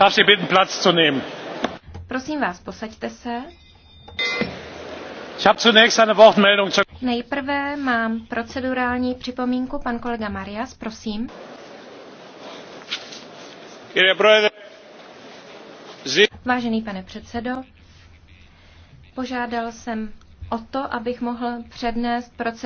Darf Sie bitten, Platz zu nehmen. Prosím vás, posaďte se. Ich habe zunächst eine Wortmeldung Nejprve mám procedurální připomínku. Pan kolega Marias, prosím. Vážený pane předsedo, požádal jsem o to, abych mohl přednést proces